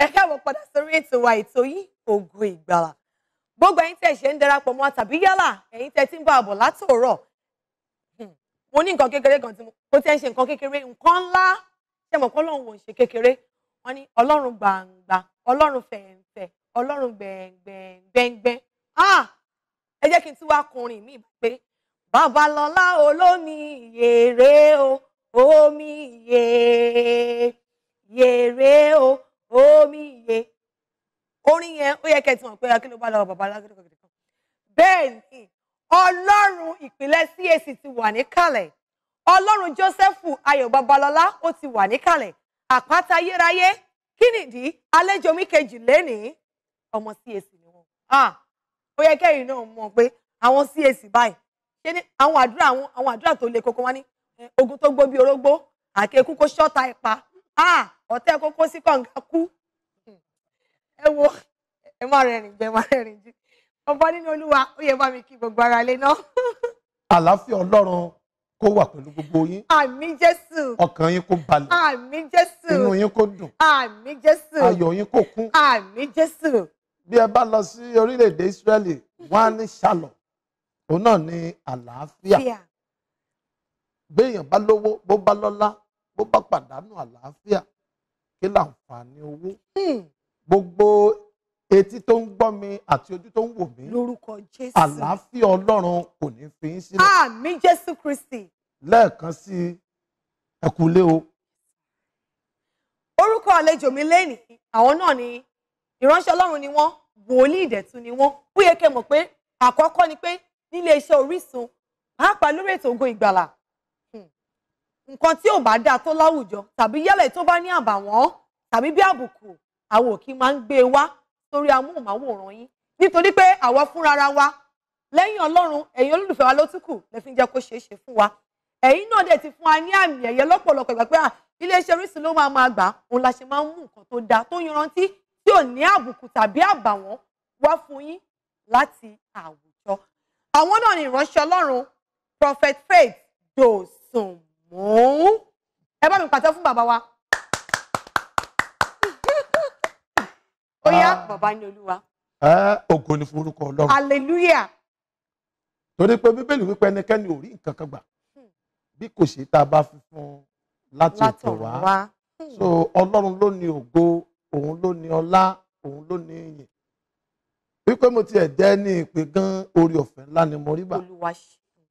ẹ káàbọ̀ padà sórí ètò wa ètò yìí Ògo Ìgbàlà gbogbo ẹ̀yin tẹ́ ṣe ń darapọ̀ mọ́ tàbí yálà ẹ̀yin tẹ́ ti ń bá àbọ̀ látòrọ̀ hmm, mo ní nǹkan kékeré kan tí mo tẹ́ ń ṣe nǹkan kékeré nǹkan ńlá ṣe mọ̀ pé ọlọ́run ò ń ṣe kékeré wọ́n ní ọlọ́run gbàǹgbà ọlọ́run fẹ̀ǹfẹ̀ ọlọ́run gbẹ̀ǹgbẹ̀ǹgbẹ̀ ah ẹ jẹ́ kí n tún wá kùnrin mi pé babalọ́lá olómi yèrè o omi yèrè o omi iye orin yẹn ó yẹ kẹ́ ti mọ̀ pé akínú bá lọ́wọ́ bàbá alágbèrè kan kìdìkan ni ọlọ́run ìpínlẹ̀ CAC ti wà níkàlẹ̀ ọlọ́run Joseph Ayọ̀ Babalọ́lá ó ti wà níkàlẹ̀ àpáta ayérayé kí nìdí àlejò mi kejì lénìí ọmọ CAC ni wọn ó yẹ kẹ́yìn náà mọ̀ pé àwọn CAC báyìí ṣé ní àwọn àdúrà àwọn àdúrà tó le koko wani, ní ogun tó gbó bí orógbó àkékú kó ṣọ́ta ẹ̀ pa Ah, ọ̀tẹ́ kókó sí kànga kú ẹ wo ẹ má rẹrìn jẹ má rẹrìn jù ọbọ nínú olúwa ó yẹ bá mi kí gbogbo ara lé náà. àlàáfíà ọlọ́run kó wà pẹ̀lú gbogbo yín. àmín jésù. ọkàn yín kó balẹ̀. àmín jésù. inú yín kó dùn. àmín jésù. ayọ̀ yín kó kún. àmín jésù. bí ẹ bá lọ sí orílẹ̀-èdè Ísírẹ́lì wọ́n á ní shalom òun náà ní àlàáfíà. béèyàn bá lówó bó bá lọ́lá bó bá pàdánù àlàáfíà kí láǹfààní owó hmm. gbogbo etí tó ń gbọ́ mi àti ojú tó ń wò mí lórúkọ Jésù àlàáfíà Ọlọ́run kò ní fi í sílẹ̀ àmín Jésù Kristi lẹ́ẹ̀kan sí ẹ o. orúkọ àlejò mi lẹ́nìí àwọn náà ni ìránṣẹ́ Ọlọ́run ni wọ́n wòlíì ìdẹ̀tún ni wọ́n ó yẹ kẹ́ mọ̀ pé àkọ́kọ́ ni pé nílé iṣẹ́ Orísun pàápàá lórí ètò Ògo Ìgbàlà nǹkan tí ò bá dáa tó láwùjọ tàbí yálẹ̀ tó bá ní àbàwọ́n tàbí bí àbùkù àwọn òkì máa ń gbé e wá sórí amóhùnmáwòrán yín nítorí pé àwa fúnra wa lẹ́yìn ọlọ́run ẹ̀yin olólùfẹ́ wa ló tún kù lè fi jẹ́ kó ṣeé ṣe fún wa ẹ̀yin náà dẹ̀ ti fún wa ní àmì ẹ̀yẹ lọ́pọ̀lọpọ̀ ìgbà pé à iléeṣẹ́ Orísun ló máa máa gbà òun la ṣe máa ń mú nǹkan tó dáa tó yanrantí tí ò ní àbùkù tàbí àbàwọ́n wá fún yín láti àwùjọ àwọn náà ni ìránṣẹ́ ọlọ́run Prophet Faith Dosun mò ń ẹ bá mi pàtẹ fún bàbá wa. ó yá ah. bàbá ní olúwa. ògo ni fún orúkọ ọlọ́run. hallelujah. torí pé bíbélì wípé ẹnikẹ́ni ò rí nǹkan kan gbà hmm. bí kò ṣe tá a bá fi láti ọ̀tọ̀ wá hmm. so ọlọ́run ló ní ògo òun ló ní ọlá òun ló ní ìyìn wípé mo tiẹ̀ jẹ́ ní ìpè gan orí ọ̀fẹ́ ńlá ni mo rí gbà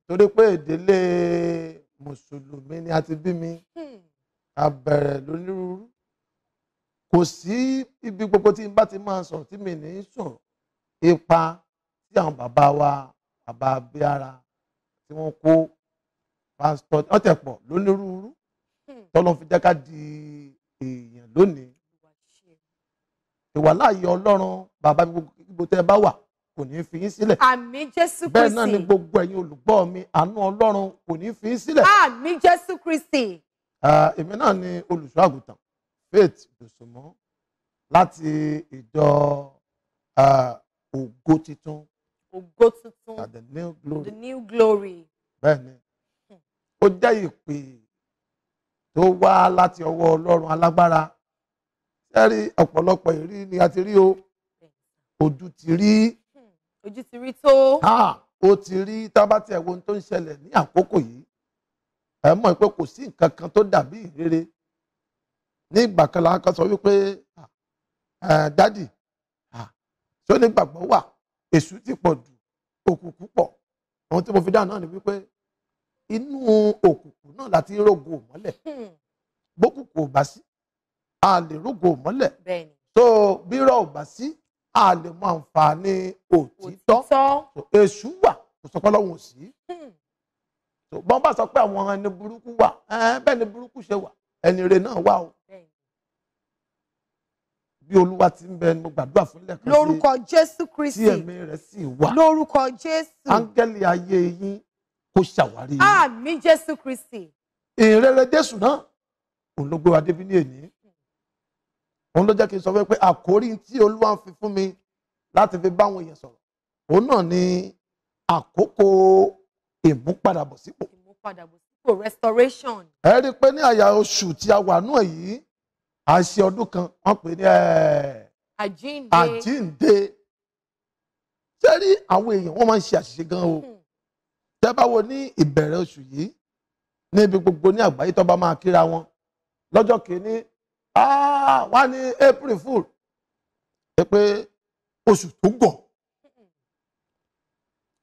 torí pé ìdílé mùsùlùmí ni a ti bí mi hmm. a bẹ̀rẹ̀ lónírúurú kò sí ibi gbogbo tí n bá ti máa sọ̀rọ̀ tí mi ní sọ̀rọ̀ ipa tí àwọn bàbá wa bàbá abíára tí wọ́n kó pásítọ̀ ọ̀tẹ̀pọ̀ lónírúurú hmm. tọ́lọ́ fi jẹ́ di èèyàn lónìí ìwà láàyè ọlọ́run bàbá gbogbo tẹ́ ẹ bá wà kò ní fi yín sílẹ̀. àmín jésù kristi. bẹ́ẹ̀ náà ni gbogbo ẹ̀yin olùgbọ́ mi àánú ọlọ́run kò ní fi yín sílẹ̀. àmín jésù kristi. èmi náà ni olùṣọ́ àgùntàn faith dòsùnmọ́ láti ìjọ ògo tuntun. ògo tuntun the new glory. the new glory. bẹ́ẹ̀ ni ó jẹ́ ìpè tó wá láti ọwọ́ ọlọ́run alágbára ṣẹ́rí ọ̀pọ̀lọpọ̀ ìrírí ni a ti rí o ojú ti rí ojú ti rí tó. o ti rí tábà tí ẹ wo ohun tó ń ṣẹlẹ̀ ní àkókò yìí ẹ mọ̀ pé kò sí nǹkan kan tó dàbí ìrere ní ìgbà kan la kan sọ wípé dádì tí ó ní gbàgbọ́ wà èṣù ti pọ̀ jù òkùnkùn pọ̀ ohun tí mo fi dáhùn náà ni wípé inú òkùnkùn náà láti rògo mọ́lẹ̀ gbókùnkùn hmm. ò bá sí a lè rògo mọ́lẹ̀ tó bírọ̀ ò bá sí a lè mọ àǹfààní òtítọ́ èṣù wà kò sọ pé ọlọ́run ò sí hmm. bọ́n bá sọ pé àwọn ẹni burúkú wà bẹ́ẹ̀ ni burúkú ṣe wà ẹni rẹ̀ náà wà o bí olúwa ti ń bẹ ni mo gbàdúrà fún ilẹ̀ kan sí lórúkọ jésù kristi tí ẹ̀mí rẹ̀ sì wà lórúkọ jésù áńgẹ́lì ayé yín kó ṣàwárí yín àmín jésù kristi ìrere jésù náà òun ló gbé wa débi ní èní òun ló jẹ́ kí n sọ fún pé àkórí tí olúwa ń fi fún mi láti fi báwọn èèyàn sọ̀rọ̀ òun náà ni àkókò ìmúpadàbọ̀sípò. ìmúpadàbọ̀sípò restoration. ẹ rí i pé ní àyà oṣù tí a wà nù èyí à ń ṣe ọdún kan wọ́n pè ní àjínde ṣé rí àwọn èèyàn wọ́n máa ń ṣe àṣìṣe gan o tẹ́ hmm. bá ní ìbẹ̀rẹ̀ oṣù yìí níbi gbogbo ní àgbáyé tó bá máa kíra wọn lọ́jọ́ kìíní Ah, wá ní april fool ẹ pé oṣù tó gọ̀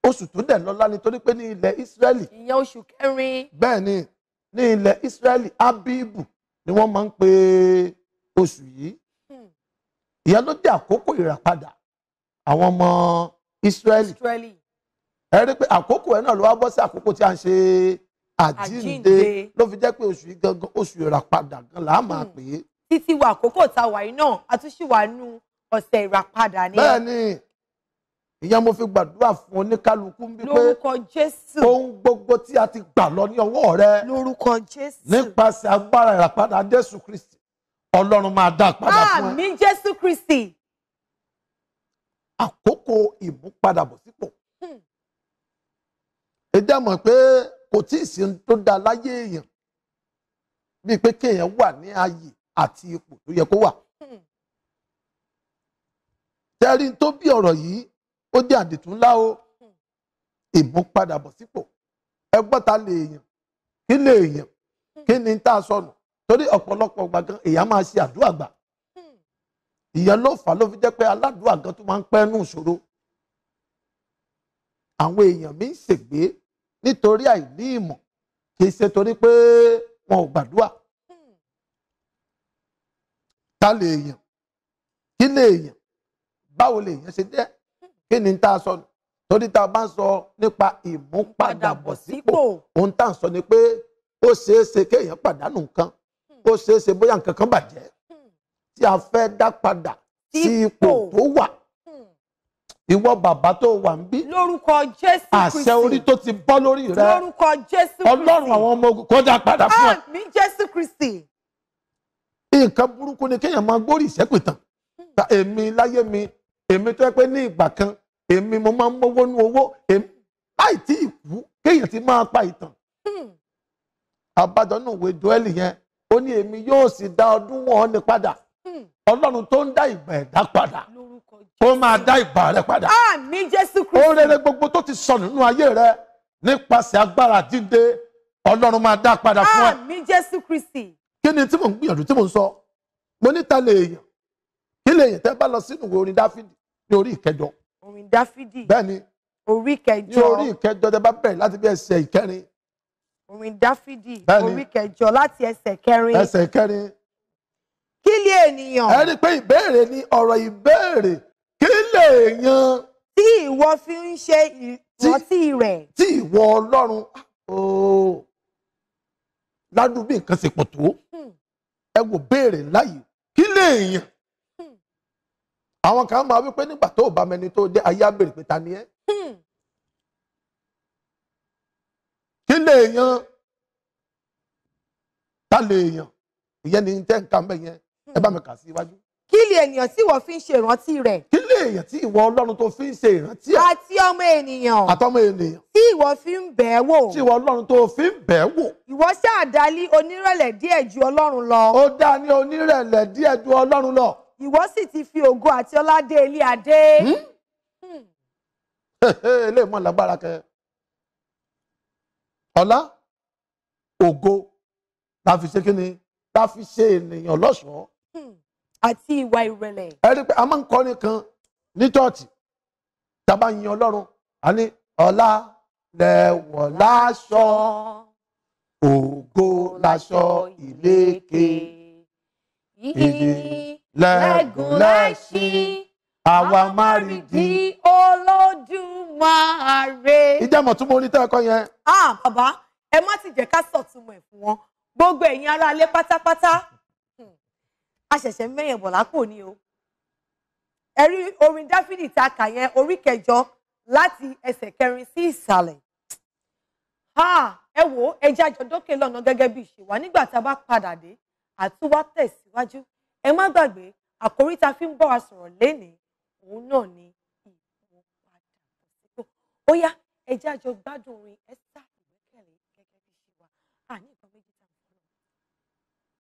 oṣù tó dẹ̀ lọ́lá nítorí pé ní ilẹ̀ Ísírẹ́lì ìyẹn oṣù kẹrin bẹ́ẹ̀ ni ní ilẹ̀ Ísírẹ́lì abibu ni wọ́n máa ń pe oṣù yìí hmm. ìyẹn ló jẹ́ àkókò ìràpadà àwọn ọmọ Ísírẹ́lì ẹ rí i pé àkókò ẹ náà ló wá bọ́ sí àkókò tí a ń ṣe àjínde ló fi jẹ́ pé oṣù yìí gangan oṣù ìràpadà gan là á máa hmm. pè é títí wà àkókò tá a wà yìí náà a wà nú ọ̀sẹ̀ ìràpadà ni. bẹ́ẹ̀ni ìyẹn mo fi gbàdúrà fún oníkálukú ń bí pé lórúkọ jésù ohun gbogbo tí a ti gbà lọ ní ọwọ́ rẹ lórúkọ jésù nípasẹ̀ agbára ìràpadà jésù kristi ọlọ́run máa dá padà fún ẹ. àmín jésù kristi. àkókò ìmúpadàbọ̀sípò hmm. ẹ jẹ́ mọ̀ pé kò tí ì sí tó dáa láyé èèyàn bíi pé kéèyàn wà ní ààyè àti ipò tó yẹ kó wà. tẹ́rí hmm. tó bí ọ̀rọ̀ yìí ó jẹ́ àdìtú ńlá o hmm. ìmúpadàbọ̀sípò ẹgbọ́n ta lè yàn kí lè yàn hmm. kí ni tá a sọnù torí ọ̀pọ̀lọpọ̀ gbàgán èèyàn máa ṣe àdúrà gbà ìyẹn ló fà á ló fi jẹ́ pé aládùúgbò àgán tó máa ń pẹ́ nù ìṣòro àwọn èèyàn mi ń ṣègbé nítorí àìní ìmọ̀ kì í ṣe torí pé wọn ò gbàdúrà. ta lè èèyàn kí lè èèyàn báwo lè èèyàn ṣe jẹ́ kí ni tá sọ torí tá bá ń sọ nípa ìmúpadàbọ̀sípò ohun tá à ń sọ ni pé ó ṣeé ṣe kéèyàn pàdánù nǹkan ó ṣeé ṣe bóyá nǹkan kan bàjẹ́ tí a fẹ́ dá padà sí ipò tó wà ìwọ bàbá tó wà ń bí lórúkọ Jésù Kristi àṣẹ orí tó ti bọ́ lórí rẹ lórúkọ Jésù Kristi Ọlọ́run àwọn ọmọ ogun kó dá padà fún ẹ. àmì Jésù Kristi. nǹkan burúkú ni kéèyàn máa gbórí ìṣẹ́pẹ̀ tán èmi láyé mi èmi tó yẹ pé ní ìgbà kan èmi mo máa ń mọ́wọ́ nú owó èmi láì tí ì kú kéèyàn ti máa pa ìtàn àbájọ hmm. náà wé joel yẹn ó ní èmi yóò sì dá ọdún wọn ní padà hmm. ọlọ́run tó ń dá ìgbà ẹ̀dá padà ó máa dá ìgbà rẹ padà ó rere gbogbo tó ti sọ nínú ayé rẹ nípasẹ̀ agbára dídé ọlọ́run máa dá padà fún kí ni tí mò ń gbìyànjú tí mò ń sọ mo níta lè èèyàn kí lè èèyàn tẹ́ bá lọ sínú orin dáfídì ní orí ìkẹjọ. orin dáfídì bẹ́ẹ̀ni orí ìkẹjọ ní orí ìkẹjọ tẹ́ bá bẹ̀rẹ̀ láti bí ẹsẹ̀ ìkẹrin. orin dáfídì orí ìkẹjọ láti ẹsẹ̀ kẹrin. ẹsẹ̀ kẹrin. kí lè ènìyàn. ẹ rí i pé ìbéèrè ni ọ̀rọ̀ ìbéèrè kí lè èèyàn. tí ìwọ fi ń ṣe ìrántí rẹ̀. tí ìwọ ọlọ́run ah, ooo ládùúgbò nǹkan ṣe pọ̀ tó ẹ wò béèrè ńlá yìí kí lèèyàn àwọn kan máa wípé nígbà tó bá mẹni tó dé ayé àbèrè pé ta ni ẹ kí lèèyàn ta lèèyàn ìyẹn ni tẹ́ mẹ́yẹn ẹ bá mi kà sí iwájú kí lè ènìyàn tí ìwọ fi ń ṣe ìrántí rẹ̀. kí lè èèyàn tí ìwọ ọlọ́run tó fi ń ṣe ìrántí ẹ̀. àti ọmọ ènìyàn. àtọmọ ènìyàn. tí ìwọ fi ń bẹ̀ẹ́ wò. tí ìwọ ọlọ́run tó fi ń bẹ̀ẹ́ wò. ìwọ ṣáà dálí onírẹ̀lẹ̀ díẹ̀ ju ọlọ́run lọ. ó dá ní onírẹ̀lẹ̀ díẹ̀ ju ọlọ́run lọ. ìwọ sì ti fi ògo àti ọlá dé ilé adé. ilé ìmọ̀ lágbára kẹ. ọlá ògo la fi ṣe kí ni la fi ṣe àti ìwà ìrẹ̀lẹ̀. ẹ rí i pé a máa ń kọ́ni kan ní chọ́ọ̀tì tàbá yin ọlọ́run a ní ọlá lẹ̀wọ̀ láṣọ ògo láṣọ ìlékè ìyí lẹ́gùn lẹ́ṣí àwa máa rí di Olódùmarè. tún mo ní tẹ́ yẹn. Ah, bàbá ẹ má ti jẹ́ ká sọ̀túnmọ̀ ẹ̀ fún wọn gbogbo ẹ̀yin aráalé pátápátá a ṣẹ̀ṣẹ̀ mẹ́yìn bọ̀ lápò ni o ẹ̀rí orin dáfídì ta kà yẹn orí kẹjọ láti ẹsẹ̀ kẹrin sí ìsàlẹ̀ ẹ wò ó ẹ jájọ dókè lọ́nà gẹ́gẹ́ bí ìṣèwà nígbà tá a bá padà dé àtúwá tẹ̀síwájú ẹ má gbàgbé àkórí tá fi ń bọ̀ wá sọ̀rọ̀ lénìí òun náà ni ìmúpadàbọ̀sípò ó yá ẹ jájọ gbádùn orin ẹ sá